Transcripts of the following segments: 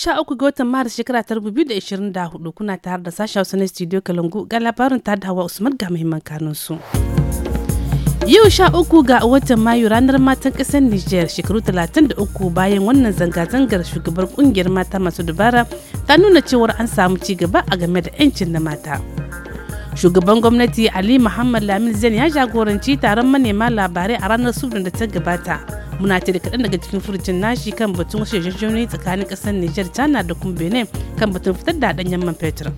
sha uku ga watan maris shekara ta rubu biyu da ashirin da hudu kuna tare da sashen hausa na studio kalangu ga labarin ta dawa usman ga muhimman kanun su. Yau sha uku ga watan Mayu ranar matan ƙasar Nijar shekaru talatin da uku bayan wannan zanga-zangar shugabar kungiyar mata masu dubara ta nuna cewar an samu ci gaba a game da 'yancin na mata. Shugaban gwamnati Ali Muhammad Lamin Zain ya jagoranci taron manema labarai a ranar Subdin da ta gabata muna ce da kaɗan daga cikin furucin nashi kan batun shirye-shirye tsakanin ƙasar nijar china da kuma benin kan batun fitar da ɗanyen man fetur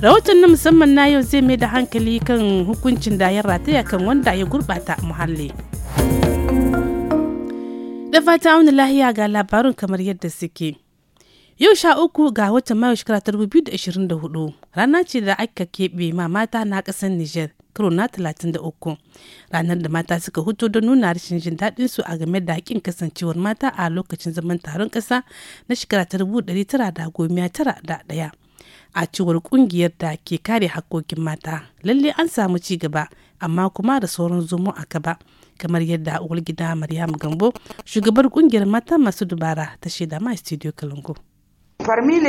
rahoton na musamman na yau zai mai da hankali kan hukuncin da ya rataya kan wanda ya gurɓata muhalli da fata auna lahiya ga labarun kamar yadda suke yau sha uku ga watan mayu shekara 2024 rana ce da aka keɓe ma mata na ƙasar nijar. karo na 33 ranar da mata suka hutu don nuna rashin jin daɗin su a game da haƙin kasancewar mata a lokacin zaman taron ƙasa na shekara ta 1991 a cewar ƙungiyar da ke kare haƙƙoƙin mata lalle an samu ci gaba amma kuma da sauran zomo a gaba kamar yadda uwar gida maryam gambo shugabar ƙungiyar mata masu dubara ta shaida ma studio kalango Parmi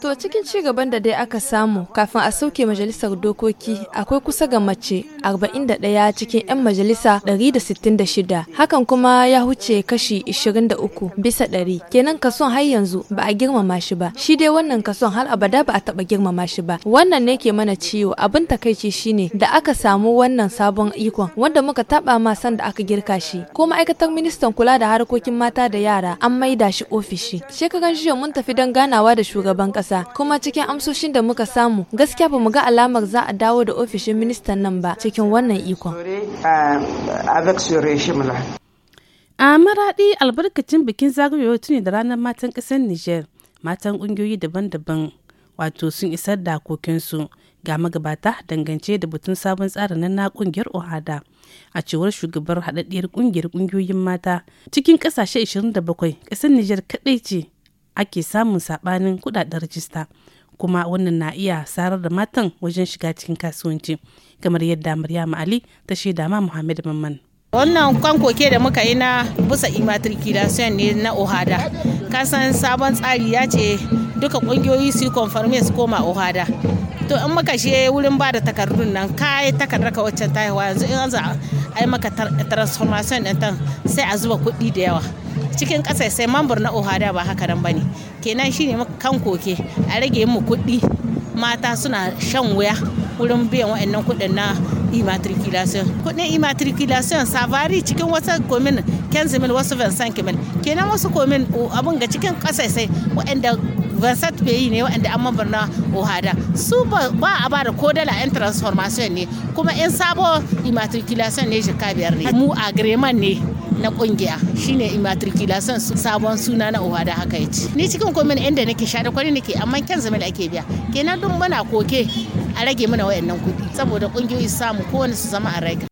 To cikin ci gaban da dai aka samu kafin a sauke majalisar dokoki akwai kusa ga mace 41 cikin 'yan majalisa 166 hakan kuma ya huce kashi 23 bisa 100 kenan kason har yanzu ba a girmama shi ba shi dai wannan kason har abada ba a taba girmama shi ba wannan ne ke mana ciwo abin takaici shine da aka samu wannan sabon ikon wanda muka taba ma san da aka girka shi ko ma'aikatar ministan kula da harkokin mata da yara an maida shi ofishi shekaran jiya mun tafi don ganawa da shugaban shugaban kasa kuma cikin amsoshin da muka samu gaskiya ba mu ga alamar za a dawo da ofishin ministan nan ba cikin wannan ikon. A maraɗi albarkacin bikin zagayowar tuni da ranar matan ƙasar niger matan ƙungiyoyi daban-daban wato sun isar da kokinsu ga magabata dangance da batun sabon tsarin na ƙungiyar Ohada. a cewar shugabar haɗaɗɗiyar ƙungiyar ƙungiyoyin mata cikin ƙasashe 27 ƙasar niger kaɗai ce ake samun sabanin kudaden rajista kuma wannan na iya sarar da matan wajen shiga cikin kasuwanci kamar yadda maryam ali ta shaida ma muhammad mamman wannan koke da muka yi na busa immatriculation ne na ohada kasan sabon tsari ya ce duka kungiyoyi su konfarme su koma ohada to in muka shi wurin ba da takardun nan kayi takardar ka waccan tayewa yanzu in ai maka transformation din tan sai a zuba kuɗi da yawa cikin ƙasa sai mambur na ohada ba haka nan bane kenan shine kan koke a rage mu kuɗi mata suna shan wuya wurin biyan wa'annan kuɗin na immatriculation kuɗin immatriculation savari cikin wasu komin kenzimil wasu 25 kenan wasu komin abun ga cikin ƙasa sai wa'anda bai yi ne waɗanda an mabarna ohada su ba a ba da ko dala yan transformation ne kuma yan sabo immatriculation ne shika biyar ne mu agreement ne na kungiya shine immatriculation sabon suna na ohada haka yace ni cikin komin inda nake shaɗa kwari nake amma kyan zamani ake biya kenan dun muna koke a rage mana wayannan kudi. saboda kungiyoyi samu kowane su zama a rage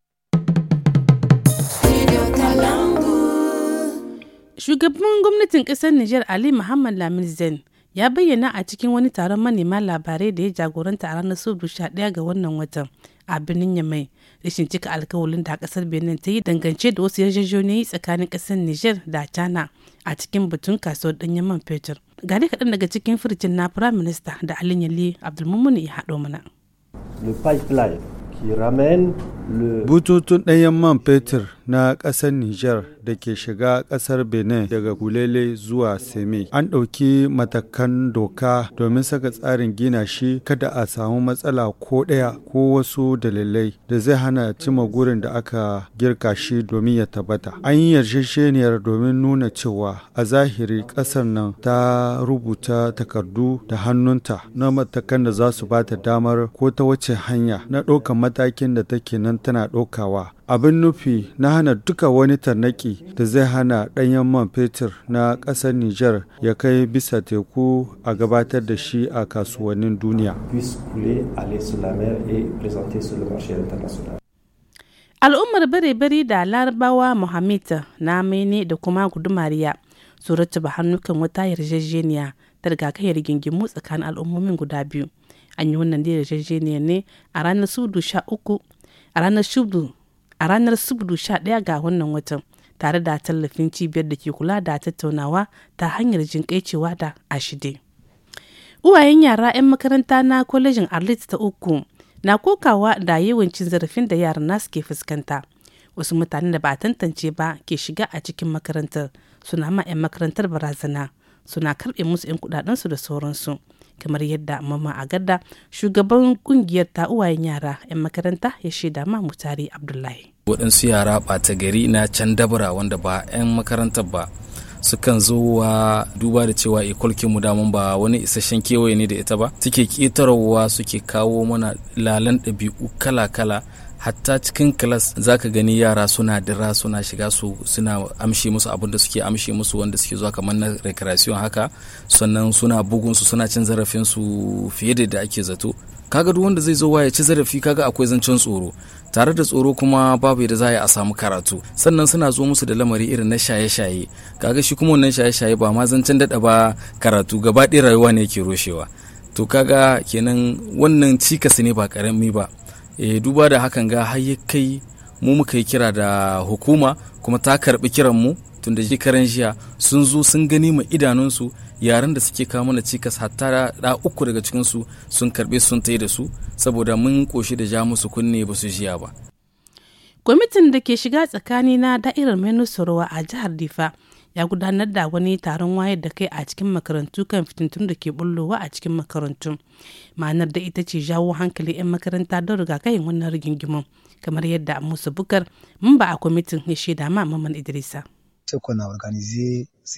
Shugaban gwamnatin ƙasar Nijar Ali Muhammad Lamin Zain ya bayyana a cikin wani taron manema labarai da ya jagoranta a ranar sudu 11 ga wannan watan a birnin yamai rashin cika alkawalin da kasar benin ta yi dangance da wasu yarjejeniyoyi tsakanin kasar niger da china a cikin batun kasuwar dan yaman fetur ga kaɗan daga cikin firicin na prime minister da alin yali abdulmumuni ya haɗo mana bututun ɗanyen man fetur na ƙasar niger da ke shiga ƙasar Benin daga gulele zuwa Seme. An ɗauki matakan doka domin saka tsarin gina shi kada a samu matsala ko ɗaya ko wasu dalilai da zai hana cima gurin da aka girka shi domin ya tabbata. An yi yarjejeniyar domin nuna cewa a zahiri ƙasar nan ta rubuta takardu da hannunta na matakan da za su ba ta damar ko ta wace hanya na ɗaukan matakin da take nan tana ɗaukawa abin nufi na hana duka wani tarnaki da zai hana ɗanyen man fetur na ƙasar Nijar ya kai bisa teku a gabatar da shi a kasuwannin duniya. Al'ummar bare-bare da larabawa Mohamed na mene da kuma gudumariya su rattaba hannukan wata yarjejeniya ta rigakayar gingimu tsakanin al'ummomin guda biyu. An yi wannan yarjejeniya ne a ranar sudu sha a ranar a ranar subdu 11 ga wannan watan tare da tallafin cibiyar da ke kula da tattaunawa ta hanyar jinƙaicewa da ashide. Uwayen yara 'yan makaranta na kwalejin Arlit ta uku na kokawa da yawancin zarafin da yara nasu ke fuskanta. Wasu mutanen da ba tantance ba ke shiga a cikin makarantar suna ma 'yan makarantar barazana suna karɓe musu 'yan kuɗaɗensu da sauransu. kamar yadda mama agadda shugaban kungiyar ta uwayen yara 'yan makaranta ya shaida ma mutari abdullahi waɗansu yara ɓata gari na can dabara wanda ba 'yan makarantar ba sukan zo wa duba da cewa ikolkin eh, mu damun ba wani isasshen kewaye ne da ita ba suke ƙetarwa suke kawo mana lalan ɗabi'u kala-kala hatta cikin kilas za ka gani yara suna dira suna shiga su suna amshi musu abin da suke amshi musu wanda suke zuwa kamar na recreation haka sannan suna bugunsu suna cin zarafinsu fiye da da ake zato kaga duk wanda zai zo waye ci zarafi kaga akwai zancen tsoro tare da tsoro kuma babu yadda za a samu karatu sannan suna zo musu da lamari irin na shaye-shaye kaga shi kuma wannan shaye-shaye ba ma zancen daɗa ba karatu gaba ɗaya rayuwa ne yake rushewa to kaga kenan wannan cikas ne ba karami ba e, duba da hakan ga har ya kai mu muka yi kira da hukuma kuma ta karbi kiran mu tun da shekaran jiya sun zo sun gani ma idanunsu yaren da suke kawo mana cikas hatta da uku daga cikinsu sun karbe sun tai da su saboda mun koshi da ja musu kunne ba su jiya ba kwamitin da ke shiga tsakani na da'irar menusarwa a jihar difa ya gudanar da wani taron wayar da kai a cikin makarantu kan fitintun da ke bullowa a cikin makarantu ma'anar da ita ce jawo hankali 'yan makaranta don riga rigakafin wannan rigingimin kamar yadda musa bukar mun ba a kwamitin ya shaida ma maman idrisa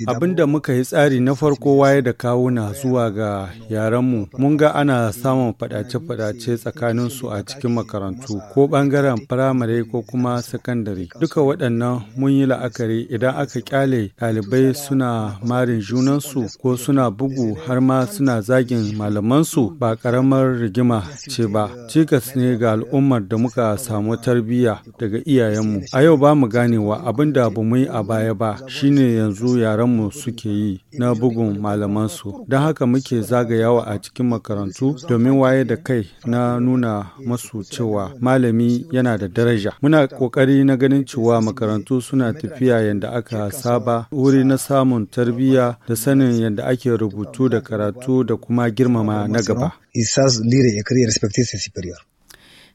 Abin da muka yi tsari na farko waye da kawo na zuwa ga yaranmu, mun ga ana samun fadace-fadace tsakaninsu a cikin makarantu ko bangaren firamare ko kuma sakandare. Duka waɗannan mun yi la'akari idan aka kyale ɗalibai suna marin junansu ko suna bugu har ma suna zagin malamansu ba ƙaramar rigima ce ba. Cikas ne ga al'ummar da muka samu tarbiyya daga iyayenmu. A yau ba mu ganewa abin da ba mu yi a baya ba shine yanzu yaran yaranmu suke yi na bugun malamansu don haka muke zagayawa a cikin makarantu domin waye da kai na nuna masu cewa malami yana da daraja muna kokari na ganin cewa makarantu suna tafiya yadda aka saba wuri na samun tarbiyya da sanin yadda ake rubutu da karatu da kuma girmama na gaba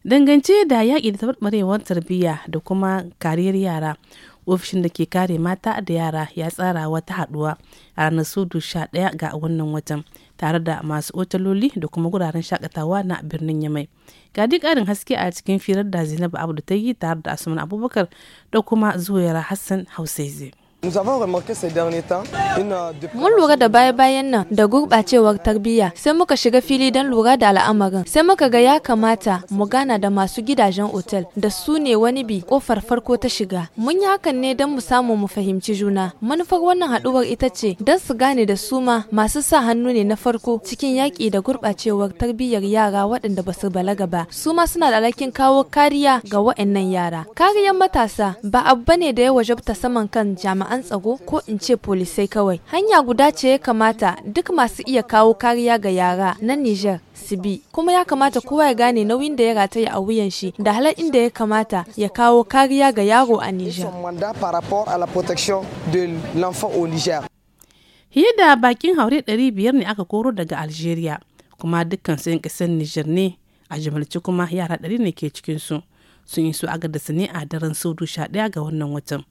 dangance da yaƙi da taɓarɓarewar tarbiyya da kuma kariyar yara ofishin da ke kare mata da yara ya tsara wata haduwa a ranar sudu 11 ga wannan watan tare da masu otaloli da kuma guraren shakatawa na birnin yamai ga duk haske a cikin firar da zainabu abu da ta yi tare da asuman abubakar da kuma zuwaira hassan hausaize. Euh, Mun lura da baya-bayan nan da gurɓacewar tarbiyya sai muka shiga fili don lura da al'amarin sai muka ga ya kamata mu gana da masu gidajen otel da su ne wani bi kofar farko ta shiga. Mun yi hakan ne don mu samu mu fahimci juna. Manufar wannan haɗuwar ita ce don su gane da su ma masu sa hannu ne na farko cikin yaƙi da gurɓacewar tarbiyyar yara waɗanda ba su balaga ba. Su ma suna da alhakin kawo kariya ga waɗannan yara. Kariyar matasa ba abu ne da ya wajabta saman kan jami'an an tsago ko in ce polisai kawai. Hanya guda ce ya kamata duk masu iya kawo kariya ga yara na niger su bi. Kuma ya kamata kowa ya gane nauyin da ya rataya a wuyan shi da halar inda ya kamata ya kawo kariya ga yaro a niger. Fiye da bakin haure 500 ne aka koro daga Algeria, kuma dukkan sun kisan niger ne a jimalci kuma yara 100 ne ke cikinsu. sun yi su agadasa ne a daren saudu 11 ga wannan watan.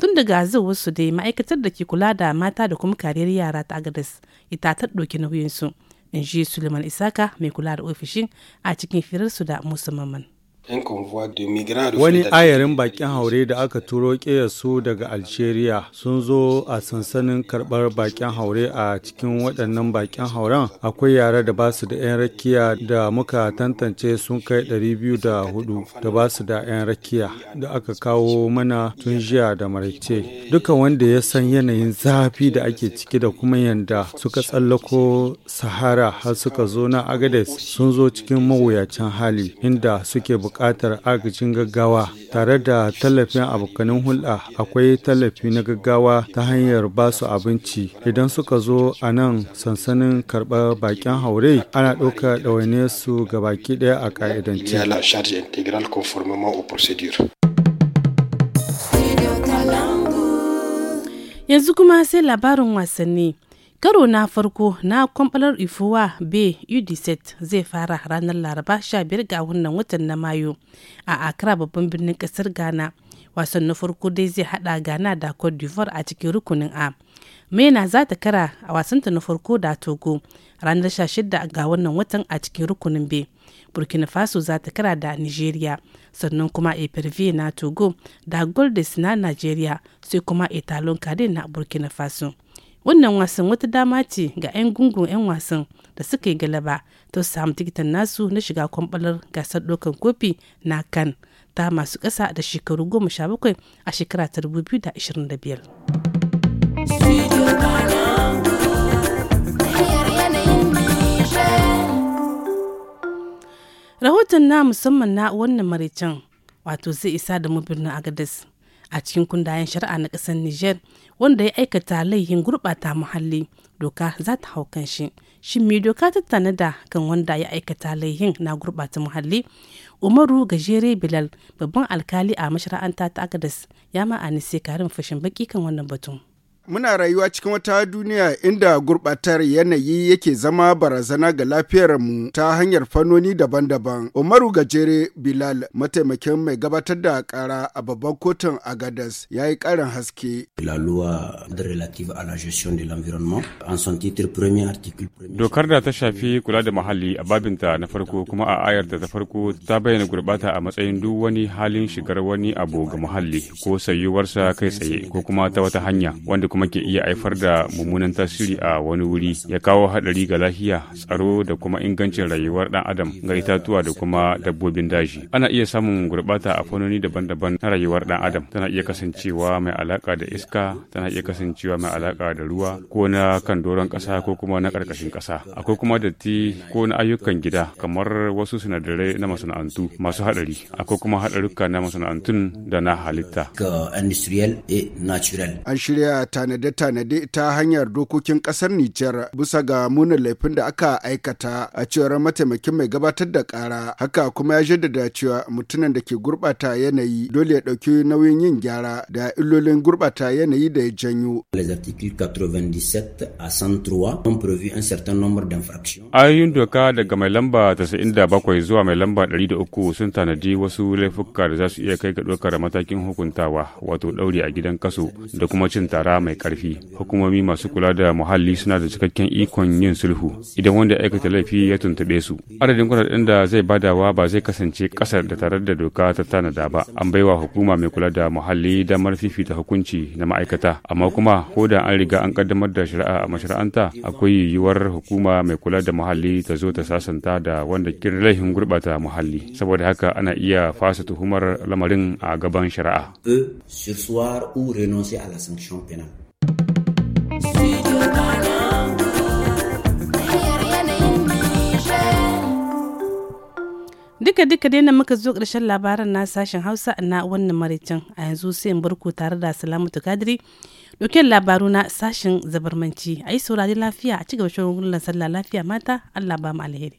tun daga wasu dai ma'aikatar da ke kula da mata da kuma kariyar yara ta agadas ita ta ɗauki nauyinsu in ji suleiman isaka mai kula da ofishin a cikin firarsu da musamman Wani ayarin bakin haure da aka turo su daga Algeria sun zo a sansanin karɓar bakin haure a cikin waɗannan bakin hauren akwai yare da ba su da 'yan rakiya da muka tantance sun kai 204 da ba su da 'yan rakiya da aka kawo mana tun jiya da maraice. Duka wanda ya san yanayin zafi da ake ciki da kuma yanda suka tsallako Sahara har suka zo na Agades sun zo cikin mawuyacin hali inda suke buƙatar agajin gaggawa tare da tallafin abokanin hulɗa akwai tallafi na gaggawa ta hanyar ba su abinci idan suka zo a nan sansanin karɓar bakin haure ana ɗauka ɗawainiyar su ga baki ɗaya a ƙa'idance. Yanzu kuma sai labarin wasanni. karo na farko na kwamfalar ifowa bay udset zai fara ranar laraba 15 ga wannan watan na mayu a accra babban birnin kasar ghana wasan na farko dai zai hada ghana da cote d'ivoire a cikin rukunin a mena za ta kara a wasanta na farko da togo ranar 16 ga wannan watan a cikin rukunin b burkina faso za ta kara da nigeria sannan kuma epervier na togo da goldes na nigeria sai kuma italon kare na burkina faso wannan wasan wata dama ce ga 'yan gungun 'yan wasan da suka yi galaba ta samu tikitan nasu na shiga kwambalar gasar ɗaukar kofi na kan ta masu ƙasa da shekaru goma sha bakwai a shekara ta biyar. rahoton na musamman na wannan maraicen wato zai isa da mu birnin agadis a cikin kundayen shari'a na ƙasar Nijar wanda ya aikata laihin gurɓata muhalli doka za ta hau kan shi. Shin mai doka ta tanada kan wanda ya aikata laihin na gurɓata muhalli? Umaru Gajere Bilal babban alkali a mashara'anta ta Agadas ya sai karin fashin baki kan wannan batun. Muna rayuwa cikin wata duniya inda gurɓatar yanayi yake zama barazana ga lafiyarmu ta hanyar fannoni daban-daban. Umaru Gajere Bilal, mataimakin mai gabatar da kara a babban kotun Agadas, ya yi ƙarin haske. Dokar da ta shafi kula da muhalli a babinta na farko kuma a ayar da ta farko ta bayyana gurɓata a matsayin duk wani halin shigar wani abu ga muhalli ko sayuwarsa kai tsaye ko kuma ta wata hanya wanda kuma ke iya haifar da mummunan tasiri a wani wuri ya kawo haɗari ga lafiya tsaro da kuma ingancin rayuwar ɗan adam ga itatuwa da kuma dabbobin daji ana iya samun gurɓata a fannoni daban-daban na rayuwar ɗan adam tana iya kasancewa mai alaka da iska tana iya kasancewa mai alaƙa da ruwa ko na kan doron ƙasa ko kuma na ƙarƙashin ƙasa akwai kuma datti ko na ayyukan gida kamar wasu sinadarai na masana'antu masu haɗari akwai kuma haɗarurruka na masana'antun da na halitta. e ga An shirya ta tanade-tanade ta hanyar dokokin kasar Nijar bisa ga munin laifin da aka aikata a cewar mataimakin mai gabatar da kara. Haka kuma ya jaddada cewa mutumin da ke gurbata yanayi dole ya ɗauki nauyin yin gyara da illolin gurbata yanayi da ya janyo. Ayoyin doka daga mai lamba 97 zuwa mai lamba 103 sun tanadi wasu laifuka da za su iya kai ga ɗaukar matakin hukuntawa wato ɗauri a gidan kaso da kuma cin tara mai mai karfi hukumomi masu kula da muhalli suna da cikakken ikon yin sulhu idan wanda aikata laifi ya tuntube su adadin kudaden da zai badawa ba zai kasance kasar da tare da doka ta tanada ba an baiwa hukuma mai kula da muhalli damar fifita hukunci na ma'aikata amma kuma ko da an riga an kaddamar da shari'a a mashara'anta akwai yiwuwar hukuma mai kula da muhalli ta zo ta sasanta da wanda kin laifin gurbata muhalli saboda haka ana iya fasa tuhumar lamarin a gaban shari'a. E, duka duka dai nan muka zo ƙarshen labaran na sashen hausa na wannan maraicin a yanzu sai in barku tare da salamatu kadiri dokin labaru na sashen zabarmanci a yi saurari lafiya a cigaba shirin sallah lafiya mata allah ba mu alheri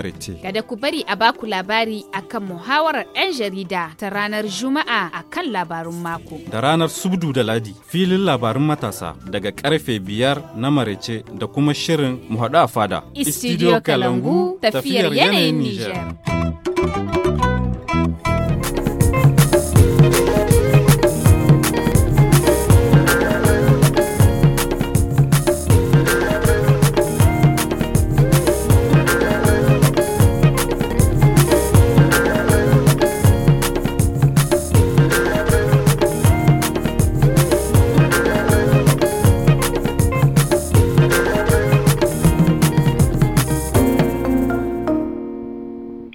maraice. Kada ku bari a baku labari akan muhawarar 'yan jarida ta ranar Juma'a akan labarun mako. Da ranar Subdu da Ladi filin labarun matasa daga karfe biyar na maraice da kuma shirin muhaɗu a fada. Istidiyo Kalangu tafiyar yanayin Nijar.